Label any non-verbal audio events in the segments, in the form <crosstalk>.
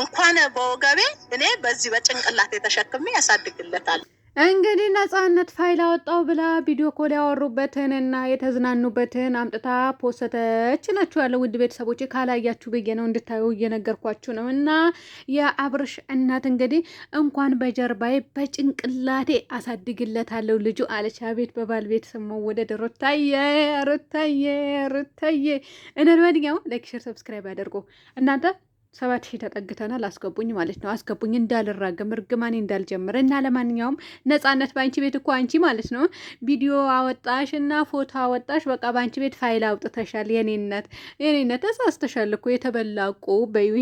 እንኳን በወገቤ እኔ በዚህ በጭንቅላት የተሸክሜ ያሳድግለታል። እንግዲህ ነጻነት ፋይል አወጣው ብላ ቪዲዮ ኮል ያወሩበትን እና የተዝናኑበትን አምጥታ ፖስተች ናችሁ ያለው ውድ ቤተሰቦች ካላያችሁ ብዬ ነው እንድታዩ እየነገርኳችሁ ነው። እና የአብርሽ እናት እንግዲህ እንኳን በጀርባዬ በጭንቅላቴ አሳድግለታለሁ ልጁ አለች። አቤት በባል ቤተሰብ መወደድ! ሩታዬ ሩታዬ ሩታዬ እነድመድኛው ላይክ፣ ሼር፣ ሰብስክራይብ አድርጉ እናንተ ሰባት ሺህ ተጠግተናል። አስገቡኝ ማለት ነው። አስገቡኝ እንዳልራገም እርግማኔ እንዳልጀምር እና ለማንኛውም ነጻነት በአንቺ ቤት እኮ አንቺ ማለት ነው ቪዲዮ አወጣሽ እና ፎቶ አወጣሽ። በቃ በአንቺ ቤት ፋይል አውጥተሻል። የኔነት የኔነት ተሳስተሻል እኮ የተበላቁ በይ።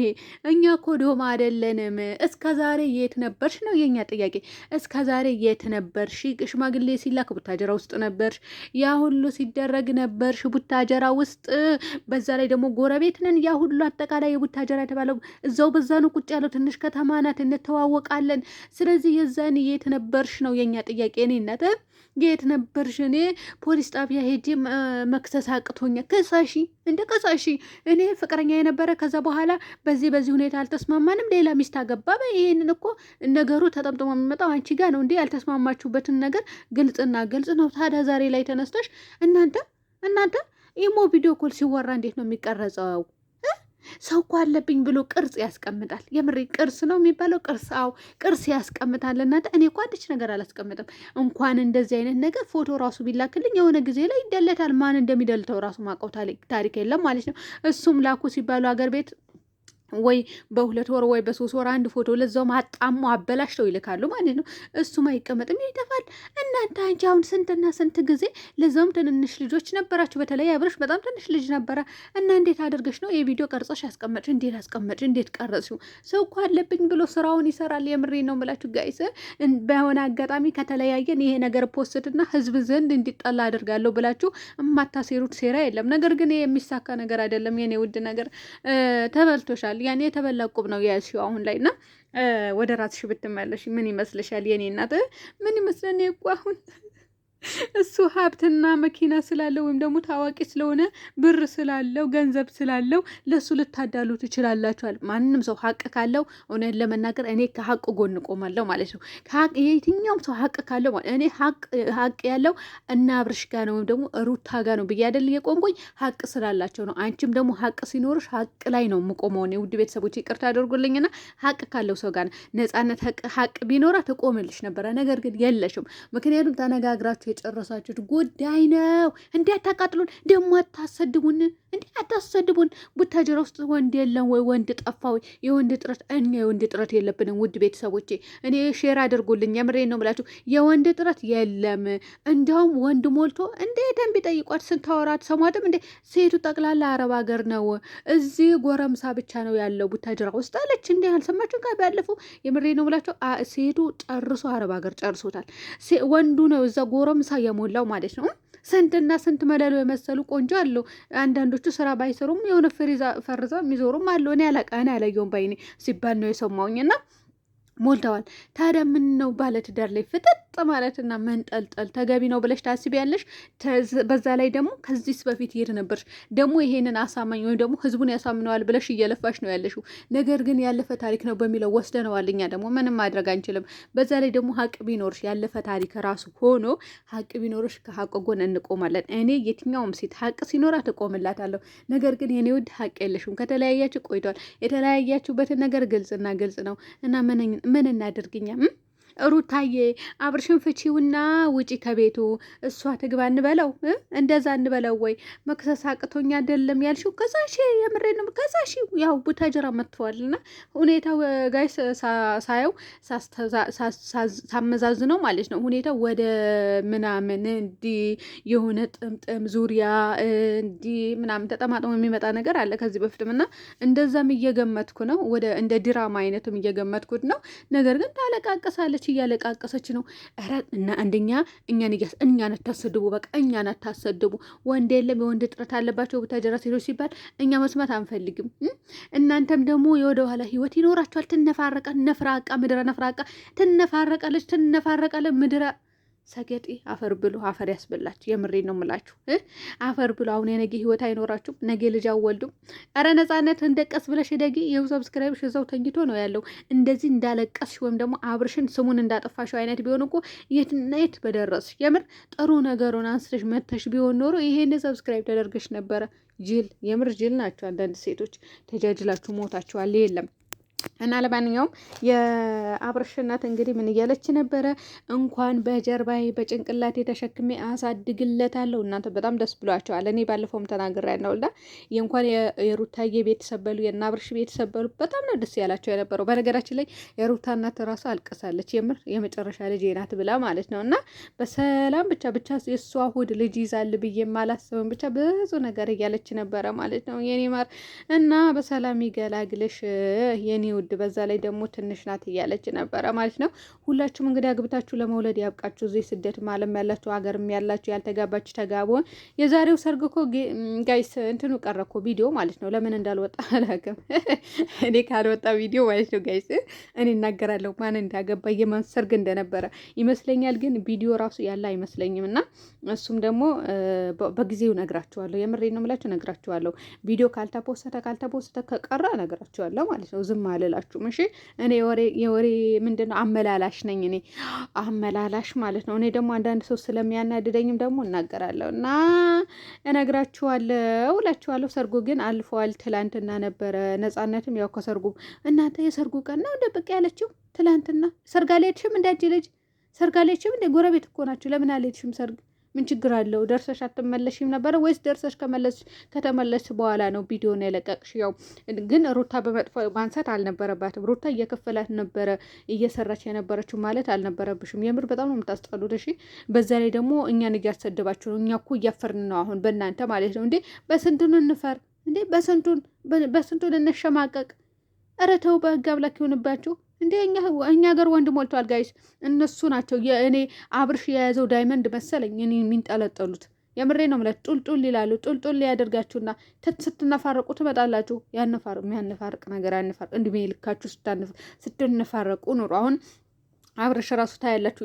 እኛ እኮ ዶማ አይደለንም። እስከ ዛሬ የት ነበርሽ ነው የኛ ጥያቄ። እስከ ዛሬ የት ነበርሽ? ሽማግሌ ሲላክ ቡታጀራ ውስጥ ነበርሽ። ያ ሁሉ ሲደረግ ነበርሽ ቡታጀራ ውስጥ። በዛ ላይ ደግሞ ጎረቤት ነን። ያ ሁሉ አጠቃላይ የቡታጀራ የተባለው እዛው በዛ ነው ቁጭ ያለው። ትንሽ ከተማ ናት፣ እንተዋወቃለን። ስለዚህ የዛን የት ነበርሽ ነው የኛ ጥያቄ። እኔ እናት የት ነበርሽ? እኔ ፖሊስ ጣቢያ ሄጄ መክሰስ አቅቶኛ። ከሳሺ እንደ ከሳሺ እኔ ፍቅረኛ የነበረ ከዛ በኋላ በዚህ በዚህ ሁኔታ አልተስማማንም፣ ሌላ ሚስት አገባ። ይህንን እኮ ነገሩ ተጠምጥሞ የሚመጣው አንቺ ጋር ነው እንዴ? ያልተስማማችሁበትን ነገር ግልጽና ግልጽ ነው። ታዲያ ዛሬ ላይ ተነስተሽ እናንተ እናንተ ኢሞ ቪዲዮ ኮል ሲወራ እንዴት ነው የሚቀረጸው? ሰው እኮ አለብኝ ብሎ ቅርጽ ያስቀምጣል። የምሬ ቅርስ ነው የሚባለው ቅርስ? አዎ፣ ቅርስ ያስቀምጣል። እናንተ እኔ እኮ አንድች ነገር አላስቀምጥም። እንኳን እንደዚህ አይነት ነገር ፎቶ ራሱ ቢላክልኝ የሆነ ጊዜ ላይ ይደለታል። ማን እንደሚደልተው ራሱ ማቀው ታሪክ የለም ማለት ነው። እሱም ላኩ ሲባሉ አገር ቤት ወይ በሁለት ወር ወይ በሶስት ወር አንድ ፎቶ ለዛውም ማጣሙ አበላሽተው ይልካሉ ማለት ነው። እሱም አይቀመጥም ይጠፋል። እናንተ አንቺ አሁን ስንትና ስንት ጊዜ ለዛውም ትንንሽ ልጆች ነበራችሁ። በተለይ አብረሽ በጣም ትንሽ ልጅ ነበረ እና እንዴት አድርገሽ ነው የቪዲዮ ቀርጾሽ ያስቀመጥሽ? እንዴት አስቀመጥሽ? እንዴት ቀረጽሽው? ሰው እኮ አለብኝ ብሎ ስራውን ይሰራል። የምሬ ነው የምላችሁ ጋይስ። በሆነ አጋጣሚ ከተለያየን ይሄ ነገር ፖስትና ህዝብ ዘንድ እንዲጠላ አድርጋለሁ ብላችሁ የማታሴሩት ሴራ የለም። ነገር ግን የሚሳካ ነገር አይደለም። የኔ ውድ ነገር ተበልቶሻል ያኔ የተበላ ቁብ ነው የያዝሽው አሁን ላይ እና ወደ ራስሽ ብትመለሽ ምን ይመስልሻል? የኔ እናት ምን ይመስለን እኮ አሁን እሱ ሀብትና መኪና ስላለው ወይም ደግሞ ታዋቂ ስለሆነ ብር ስላለው ገንዘብ ስላለው ለእሱ ልታዳሉ ትችላላችኋል። ማንም ሰው ሀቅ ካለው እውነት ለመናገር እኔ ከሀቅ ጎን ቆማለሁ ማለት ነው። የትኛውም ሰው ሀቅ ካለው እኔ ሀቅ ያለው እና አብርሽ ጋ ነው ወይም ደግሞ ሩታ ጋ ነው ብዬ አይደል የቆምኩኝ፣ ሀቅ ስላላቸው ነው። አንቺም ደግሞ ሀቅ ሲኖርሽ ሀቅ ላይ ነው የምቆመው። እኔ ውድ ቤተሰቦች ይቅርታ አድርጉልኝና ሀቅ ካለው ሰው ጋር ነጻነት ሀቅ ቢኖራ ትቆምልሽ ነበረ። ነገር ግን የለሽም። ምክንያቱም ተነጋግራቸው የጨረሳችሁት ጉዳይ ነው። እንዴ አታቃጥሉን፣ ደግሞ አታሰድቡን፣ እንዴ አታሰድቡን። ቡታጀራ ውስጥ ወንድ የለም ወይ? ወንድ ጠፋ ወይ? የወንድ ጥረት እኛ የወንድ ጥረት የለብንም። ውድ ቤተሰቦቼ እኔ ሼር አድርጉልኝ፣ የምሬ ነው ምላችሁ፣ የወንድ ጥረት የለም። እንዲያውም ወንድ ሞልቶ እንዴ ደንብ ጠይቋት፣ ስንታወራት ሰሟትም እንዴ ሴቱ ጠቅላላ አረብ ሀገር ነው። እዚህ ጎረምሳ ብቻ ነው ያለው ቡታጀራ ውስጥ አለች። እንዲ ጋር ባለፈው የምሬ ነው የምላችሁ ሴቱ ጨርሶ አረብ ሀገር ጨርሶታል። ወንዱ ነው እዛ ጎረም አምሳ የሞላው ማለት ነው። ስንትና ስንት መለሎ የመሰሉ ቆንጆ አለው። አንዳንዶቹ ስራ ባይሰሩም የሆነ ፍሬ ፈርዘው የሚዞሩም አለው። እኔ አላቃ እኔ አላየሁም ባይኔ ሲባል ነው የሰማውኝ እና ሞልተዋል። ታዲያ ምን ነው ባለትዳር ላይ ፍጥጥ ማለትና መንጠልጠል ተገቢ ነው ብለሽ ታስቢያለሽ? በዛ ላይ ደግሞ ከዚህስ በፊት የት ነበርሽ? ደግሞ ይሄንን አሳማኝ ወይም ደግሞ ህዝቡን ያሳምነዋል ብለሽ እየለፋሽ ነው ያለሽው። ነገር ግን ያለፈ ታሪክ ነው በሚለው ወስደነዋል። እኛ ደግሞ ምንም ማድረግ አንችልም። በዛ ላይ ደግሞ ሀቅ ቢኖርሽ ያለፈ ታሪክ ራሱ ሆኖ ሀቅ ቢኖርሽ ከሀቅ ጎን እንቆማለን። እኔ የትኛውም ሴት ሀቅ ሲኖራት እቆምላታለሁ። ነገር ግን የኔ ውድ ሀቅ የለሽም። ከተለያያችሁ ቆይቷል። የተለያያችሁበትን ነገር ግልጽና ግልጽ ነው እና ምንኝ ምን እናድርግኛ? ሩታዬ አብርሽን ፍቺውና ውጪ ከቤቱ እሷ ትግባ እንበለው፣ እንደዛ እንበለው ወይ መክሰስ አቅቶኛ አይደለም ያልሽው። ከዛ ሺ የምሬ ነው። ከዛ ሺ ያው ቡታጀራ መጥተዋልና ሁኔታው ጋይ ሳየው ሳመዛዝነው ማለት ነው ሁኔታው ወደ ምናምን እንዲህ የሆነ ጥምጥም ዙሪያ እንዲህ ምናምን ተጠማጥሞ የሚመጣ ነገር አለ ከዚህ በፊትም እና እንደዛም እየገመትኩ ነው። ወደ እንደ ድራማ አይነትም እየገመትኩት ነው። ነገር ግን ታለቃቀሳለች። እያለቀሰች እያለቃቀሰች ነው። ኧረ እና አንደኛ እኛን እያስ እኛን አታሰድቡ፣ በቃ እኛን አታሰድቡ። ወንድ የለም የወንድ እጥረት አለባቸው ቡታጀራ ሴቶች ሲባል እኛ መስማት አንፈልግም። እናንተም ደግሞ የወደ ኋላ ህይወት ይኖራችኋል። ትነፋረቃል፣ ነፍራቃ ምድረ ነፍራቃ ትነፋረቃለች፣ ትነፋረቃለች ምድረ ሰገጤ አፈር ብሎ አፈር ያስበላችሁ። የምሬ ነው ምላችሁ፣ አፈር ብሎ አሁን የነገ ህይወት አይኖራችሁም። ነገ ልጅ አወልዱም። ኧረ ነፃነት እንደቀስ ብለሽ ደጊ ይኸው ሰብስክራይብ ሽዘው ተኝቶ ነው ያለው። እንደዚህ እንዳለቀስሽ ወይም ደግሞ አብርሽን ስሙን እንዳጠፋሽው አይነት ቢሆን እኮ የትና የት በደረስሽ። የምር ጥሩ ነገሩን አንስተሽ መተሽ ቢሆን ኖሮ ይሄን ሰብስክራይብ ተደርገሽ ነበረ። ጅል የምር ጅል ናቸው አንዳንድ ሴቶች። ተጃጅላችሁ ሞታችኋል። የለም እና ለማንኛውም የአብርሽነት እንግዲህ ምን እያለች ነበረ? እንኳን በጀርባዬ በጭንቅላቴ ተሸክሜ አሳድግለታለሁ። እናንተ በጣም ደስ ብሏቸዋል። እኔ ባለፈውም ተናግሬያለሁ። እና የእንኳን የሩታዬ ቤተሰብ በሉ የእነ አብርሽ ቤተሰብ በሉ በጣም ነው ደስ ያላቸው የነበረው። በነገራችን ላይ የሩታ እናት ራሱ አልቀሳለች። የምር የመጨረሻ ልጅ ናት ብላ ማለት ነው። እና በሰላም ብቻ ብቻ የእሷ እሑድ ልጅ ይዛል ብዬ ማላሰብም ብቻ ብዙ ነገር እያለች ነበረ ማለት ነው። የኔ ማር እና በሰላም ይገላግልሽ የኔ ውድ፣ በዛ ላይ ደግሞ ትንሽ ናት እያለች ነበረ ማለት ነው። ሁላችሁም እንግዲህ አግብታችሁ ለመውለድ ያብቃችሁ። እዚህ ስደት ማለም ያላችሁ ሀገርም ያላችሁ ያልተጋባችሁ ተጋቡን። የዛሬው ሰርግ እኮ ጋይስ እንትኑ ቀረ እኮ ቪዲዮ ማለት ነው። ለምን እንዳልወጣ <laughs> አላውቅም። እኔ ካልወጣ ቪዲዮ ማለት ነው ጋይስ እኔ እናገራለሁ ማን እንዳገባ የማን ሰርግ እንደነበረ ይመስለኛል። ግን ቪዲዮ ራሱ ያለ አይመስለኝም እና እሱም ደግሞ በጊዜው ነግራችኋለሁ። የምሬ ነው የምላችሁ ነግራችኋለሁ። ቪዲዮ ካልተፖሰተ ካልተፖሰተ ከቀረ ነግራችኋለሁ ማለት ነው። ዝም አለ አልላችሁም። እሺ እኔ የወሬ ምንድነው አመላላሽ ነኝ እኔ አመላላሽ ማለት ነው። እኔ ደግሞ አንዳንድ ሰው ስለሚያናድደኝም ደግሞ እናገራለሁ እና እነግራችኋለሁ እላችኋለሁ። ሰርጉ ግን አልፈዋል። ትላንትና ነበረ ነጻነትም ያው ከሰርጉ እናንተ የሰርጉ ቀን ነው እንደብቅ ያለችው ትላንትና ሰርግ አልሄድሽም እንዳጅ ልጅ ሰርግ አልሄድሽም እንደ ጎረቤት እኮ ናችሁ። ለምን አልሄድሽም ሰርግ ምን ችግር አለው? ደርሰሽ አትመለሽም ነበረ ወይስ ደርሰሽ ከመለስ ከተመለስሽ በኋላ ነው ቪዲዮን የለቀቅሽ? ያው ግን ሩታ በመጥፎ ማንሳት አልነበረባትም። ሩታ እየከፈላት ነበረ እየሰራች የነበረችው ማለት አልነበረብሽም። የምር በጣም ነው የምታስጠሉት። እሺ፣ በዛ ላይ ደግሞ እኛን እያሰደባችሁ ነው። እኛ እኮ እያፈርን ነው አሁን በእናንተ ማለት ነው እንዴ። በስንቱን እንፈር እንዴ? በስንቱን በስንቱን እንሸማቀቅ? ኧረ ተው በህግ አምላክ ይሆንባችሁ። እንደ እኛ እኛ ሀገር ወንድ ሞልቷል ጋይስ። እነሱ ናቸው የእኔ አብርሽ የያዘው ዳይመንድ መሰለኝ እኔ የሚንጠለጠሉት የምሬ ነው ማለት ጡልጡል ይላሉ። ጡልጡል ያደርጋችሁና ስትነፋረቁ ትመጣላችሁ። ያነፋር የሚያነፋርቅ ነገር ያነፋርቅ እድሜ ልካችሁ ስታነፍ ስትነፋረቁ ኑሮ አሁን አብርሽ ራሱ ታያላችሁ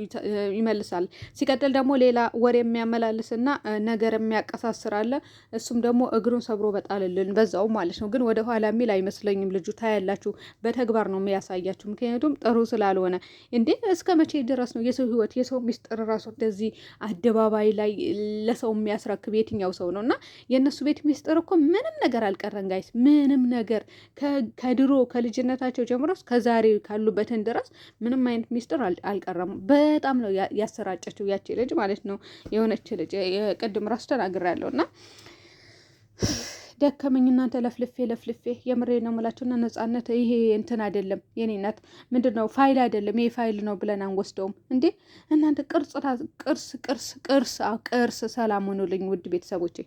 ይመልሳል። ሲቀጥል ደግሞ ሌላ ወሬ የሚያመላልስና ነገር የሚያቀሳስር አለ። እሱም ደግሞ እግሩን ሰብሮ በጣልልን በዛው ማለት ነው። ግን ወደ ኋላ የሚል አይመስለኝም ልጁ። ታያላችሁ በተግባር ነው የሚያሳያችሁ። ምክንያቱም ጥሩ ስላልሆነ እንዴ እስከ መቼ ድረስ ነው የሰው ህይወት የሰው ሚስጥር ራሱ እንደዚህ አደባባይ ላይ ለሰው የሚያስረክብ የትኛው ሰው ነው? እና የእነሱ ቤት ሚስጥር እኮ ምንም ነገር አልቀረን ጋይስ፣ ምንም ነገር ከድሮ ከልጅነታቸው ጀምሮ እስከ ካሉበትን ድረስ ምንም አይነት ሚስጥር ሳይጭር አልቀረም። በጣም ነው ያሰራጨችው ያቺ ልጅ ማለት ነው የሆነች ልጅ ቅድም ራሱ ያለው እና ደከመኝ እናንተ ለፍልፌ ለፍልፌ የምሬ ነው የምላቸውና ነጻነት ይሄ እንትን አይደለም የኔ ናት ምንድን ነው ፋይል አይደለም ይሄ ፋይል ነው ብለን አንወስደውም እንዴ እናንተ ቅርጽ ቅርስ ቅርስ ቅርስ ቅርስ ሰላም ሆኑልኝ ውድ ቤተሰቦቼ